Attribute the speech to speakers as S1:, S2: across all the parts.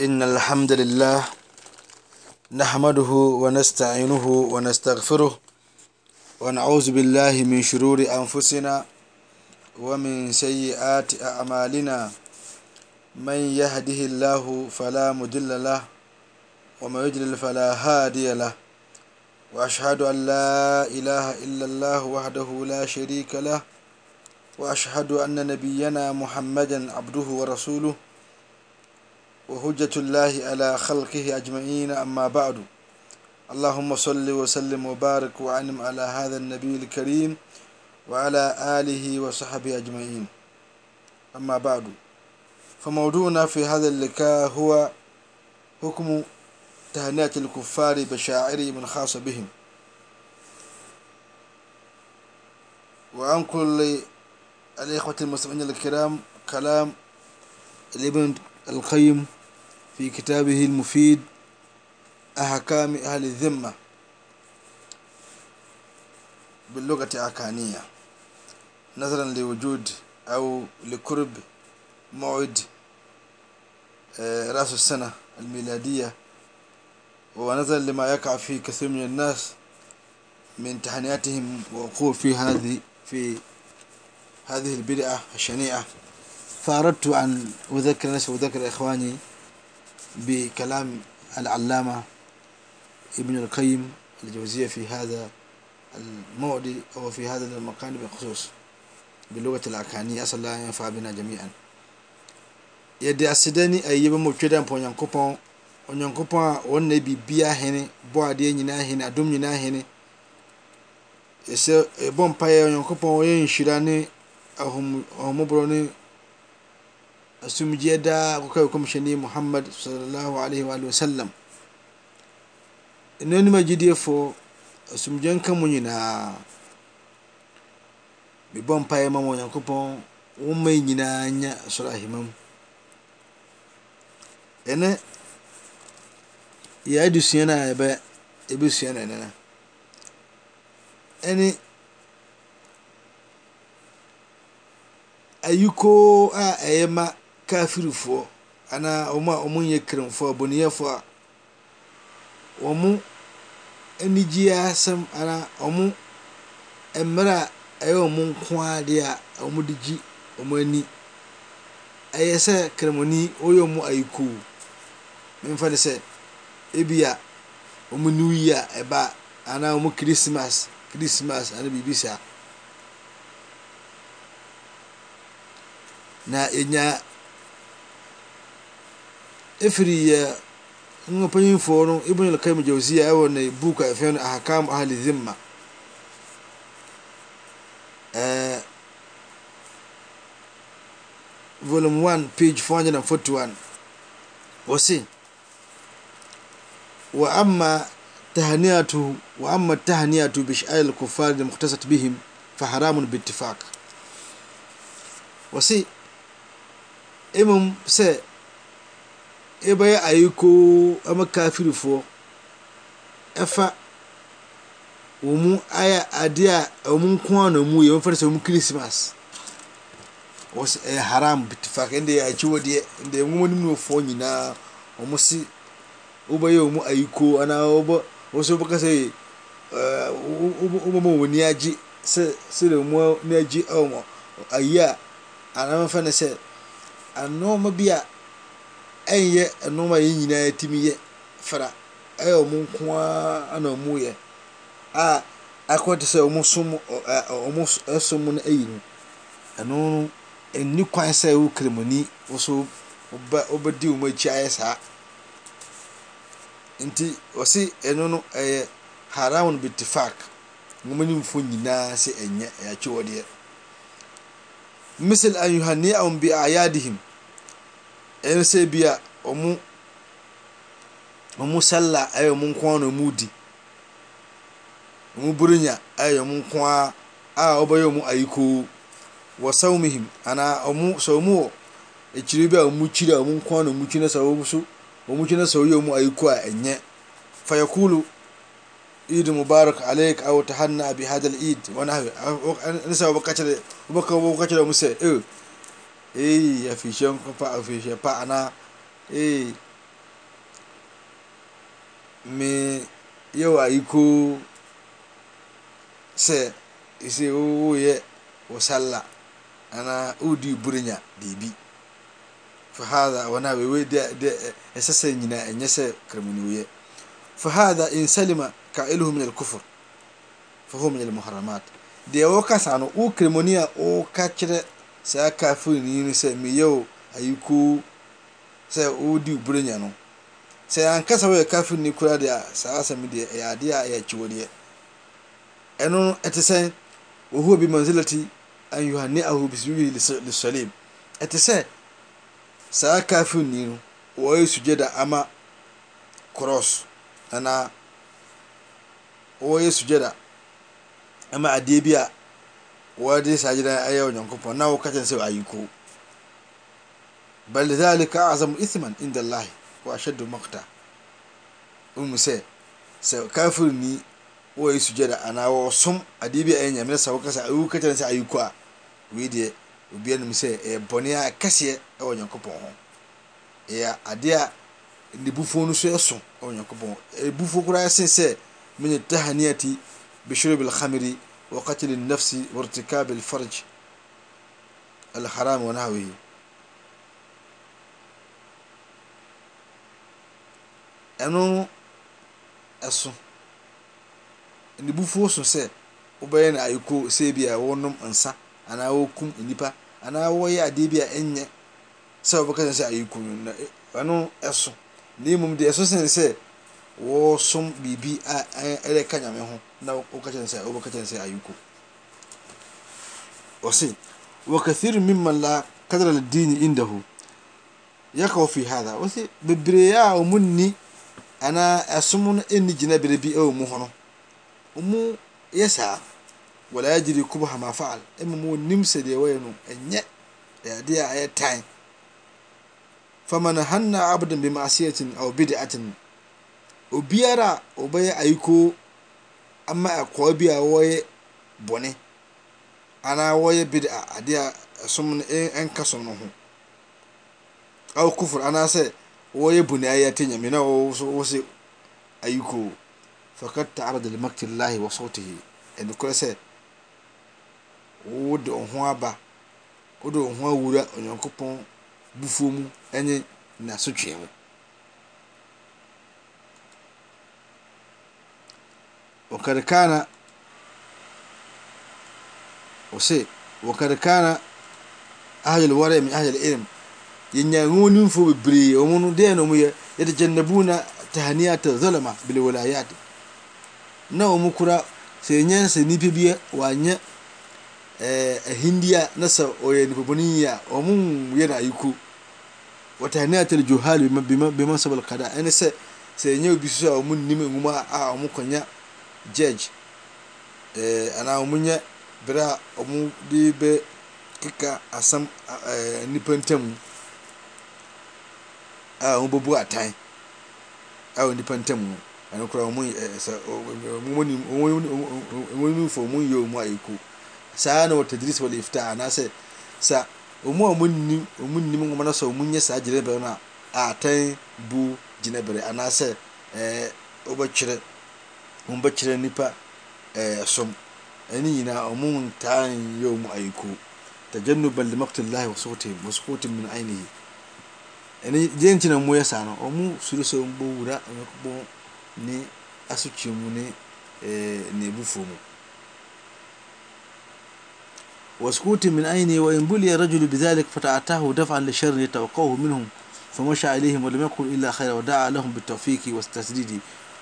S1: إن الحمد لله نحمده ونستعينه ونستغفره ونعوذ بالله من شرور أنفسنا ومن سيئات أعمالنا من يهده الله فلا مضل له ومن يضلل فلا هادي له وأشهد أن لا إله إلا الله وحده لا شريك له وأشهد أن نبينا محمدا عبده ورسوله وهجة الله على خلقه أجمعين أما بعد اللهم صل وسلم وبارك وعنم على هذا النبي الكريم وعلى آله وصحبه أجمعين أما بعد فموضوعنا في هذا اللقاء هو حكم تهنئة الكفار بشاعر من خاص بهم وعن كل الإخوة المسلمين الكرام كلام الابن القيم في كتابه المفيد أحكام أهل الذمة باللغة الأركانية نظرا لوجود أو لقرب موعد آه، رأس السنة الميلادية ونظرا لما يقع في كثير من الناس من تحنياتهم ووقوع في هذه في هذه البدعة الشنيعة فأردت أن أذكر نفسي وأذكر إخواني بكلام العلامة ابن القيم الجوزية في هذا الموضع أو في هذا المكان بالخصوص بلغة الأكانية أسأل الله ينفع بنا جميعا yɛde aseda ne ayi bɛ mɔtwe dɛ mpa onyankopɔn onyankopɔn a wɔnna biribia hene bɔ adeɛ nyinaa hene adom nyinaa hene ɛsɛ ɛbɔ mpaeɛ onyankopɔn ɔyɛ nhyira ne ahomɔborɔ ne asomgyia daa kokaykɔmehyɛni mohamad sal lah alai walii wasalam nne anim gidie fo asomegyia nka mu nyinaa mibɔ mpaɛma mu nyankopɔn wo ma inyinaa nyɛ soraahimam ɛnɛ yade suano bɛ suana ɛnena ni ayiko a ɛɛma afirifoɔ ana ɔmɔmoyɛ kremfo abɔniɛfoɔ a ɔ mo nigyiasɛm an ɔm merɛ a ɛyɛ wo mo nko adeɛ a ɔmdegyi ɔmo ani ɛyɛ sɛ kramɔni wɔ yɛ omu ayiko memfane sɛ ebia ɔmu neo yi a ɛba anaa ɔmu krisma crismas an birbisaa فري ن فوو ابن القيم الجوزييا w بوك في أحكام أهل الذما فل بي فج ف اس وأ تنه و أما تهنيته بشال الكفار لمختصة بهم فهرامن بالتفاق e bɛyɛ ayiko ma ka firi fɔ ɛfa omu adeɛ om nkoanamuyefsɛ omu chrismas haam eidɛonnfo yinaa omose wobɛyɛ omu aiko nskasɛwobamnia ɛiafani sɛ anoa bia ɛyɛ ɛnoma yɛ nyinaatimiyɛ fra ɔmonkoa namuɛ asɛ somno ayin ɛno ni kwan sɛ wo kremni wbɛdi o mkyaɛ saa nti snɛ haramn bitfac womaumfo nyinaa sɛ yɛidɛm anohani a ayadihmsɛ ɔmo ɔmo sallah ɛyɛ ɔmo nko ara na di ɔmo buronya ɛyɛ ɔmo nko ara a ɔbɛyɛ ɔmo ayiko wɔ sawmihim anaa ɔmo sɛ ɔmo wɔ akyire bi a ɔmo kyiri a ɔmo nko ara na ɔmo kyi na sɛ ɔmo so ɔmo kyi na sɛ ɔyɛ ɔmo ayikoo a ɛnyɛ fayakulu عيد مبارك عليك او تهنأ بهذا العيد ونحو نسى وبكتر وبكتر ومسى ايه يا في شنكو با في pa, ana. me yɛw ayekoo sɛ se wwo yɛ wʋ sɛla ana wo di buraya deibi faaa anasɛsɛ yina nyɛsɛ kremoni w ye fahadha iŋsalima kailfu miyalkufor fa fu miyalmuharamat dea wo ka sanu wo kremonia wo ka cirɛ saa kafenii sɛ me yɛ aykoo swodi berenyano sɛ anka sa woyɛ cafeni koradeɛ a saa sɛme deɛ yɛadeɛa yɛkiɔdeɛ ɛno ɛte sɛ wɔhoo bi mansilati anohane ahoobis lesalim ɛte sɛ saa cafemni no ɔɔyɛ sugada ama cross anaa wɔyɛ sugada ama adeɛ bi a wɔde saa gyeda ɛyɛ onyankopɔn na woka k sɛ wayiko balik azam isma inda llahi aahad mkta mse sakarni w sujada anawsum ad aa bna kase wakbo adia bufonsus bforaasse mitahaniyati beshrub lhamiri waqatilnasi warticablfrj alharamwanaa ɛno ɛso ne bufuo so sɛ wobɛyɛ no ayeko sɛ bi a wɔnom nsa anaa wɔkum nnipa anaa wɔyɛ adeɛ bi a ɛnyɛ sɛ wɔbɛka sɛ ayeko no e, ɛno ɛso na mmom deɛ ɛso sene sɛ wɔsom biribi a ɛyɛ ka nyame ho na wɔka kyerɛ sɛ wɔbɛka kyerɛ sɛ ayeko ɔse wakathiru mimman la kadra ladini indahu yɛkaw fi hada wɔse bebree a ɔmo nni somno ni ginabrebi m n mu yɛ saa waagrik a faal mnmsɛdeɛa yɛ adeaɛta famanda ased a obiara bɛyɛ ako ma kɔabi awɔyɛ bne anawɔy bd aeka s uw ye buniaatinaws a aa taedlemaktilawa et asɛ wu di fu fua ba wu di fu fua wura fuk pu bufomu a nasuŋaa kana awaalilm aŋnim foebremmya jannabuuna taaniya ta olama belawalyati na omukura seasanipabia wayahindia eh, nasa yniabn mu yenaaiko ataania talajohalibema sablkada ene seɛbiss munimhu mka e eh, ana mu br m kkka asam eh, nipantamu a wɔbɛbu atan a wɔ nipa ntam no ɛno koraa wɔn sɛ wɔn mu fo wɔn yɛ wɔn a ɛku saa na wɔtɛ diri sɛ wɔde fitaa anaasɛ sa wɔn a wɔn nim wɔn nim wɔn na sɛ wɔn nyɛ saa gyina bɛrɛ no a atan bu gyina bɛrɛ anaasɛ ɛɛ wɔbɛkyerɛ wɔn bɛkyerɛ nipa ɛɛ som ɛne nyinaa wɔn ntaan yɛ wɔn a ɛku tajannuban limaktillahi wa sokotin min ainihi enitinamuyasaano omu sursbowura n asucmnbufom eh, waskuti min aini wainbuliy rajulu bedalik fatatahu dafa lesharn yatwaqhu minhum famasha layhim walamyaqulu ila yra wadaa lahum betwfiqi watasdidi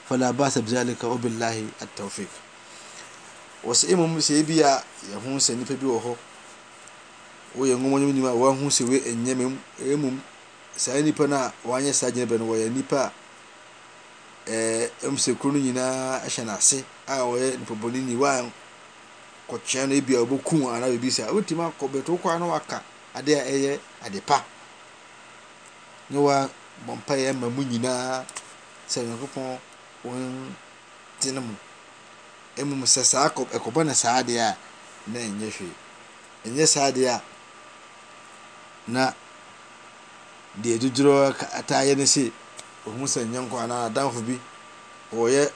S1: fala basa bealika wabillahi atwfiq asemum sebia ahuseiio ahusewemmu saa nnipa no a wɔanyɛ saa gyina bɛno wɔyɛ nnipa amusɛkuro eh, no nyinaa hyɛ no ase a wɔyɛ npbɔne ni wa kɔkeɛ no biabɔkuanabbs obɛim ktwo ka na waka adeɛɛyɛ ade pa ne waa bɔpa yɛ ma mu nyinaa sɛ nyankopɔn wo teno mu musɛskɔbɔne saa deɛ a na ɛyɛ hwɛnyɛ saadeɛ a edidata yɛnse fusayaadabi ʋyɛ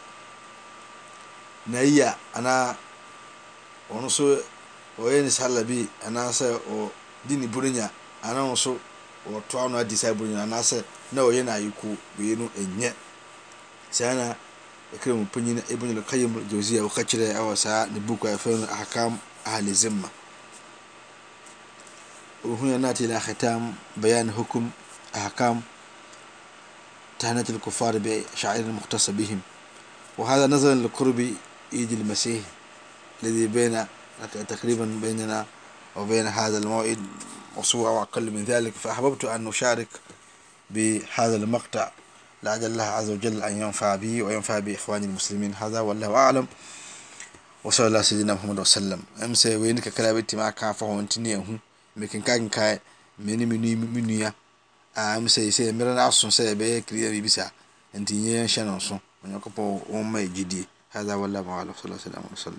S1: aasaadn bra anas tndsk أحكام تهنة الكفار بشعائر المختصة بهم وهذا نظرا لقرب عيد المسيح الذي بين تقريبا بيننا وبين هذا الموعد أسبوع وأقل من ذلك فأحببت أن أشارك بهذا المقطع لعل الله عز وجل أن ينفع به وينفع بإخواني المسلمين هذا والله أعلم وصلى الله سيدنا محمد وسلم أمس وينك كلابتي معك فهو أنتني أهو مكن كان كاي مني مني مني, مني, مني sɛse mira dagsu sɛ bii krea e bisa n ti yesɛnan su yk pu wa magidie a wla s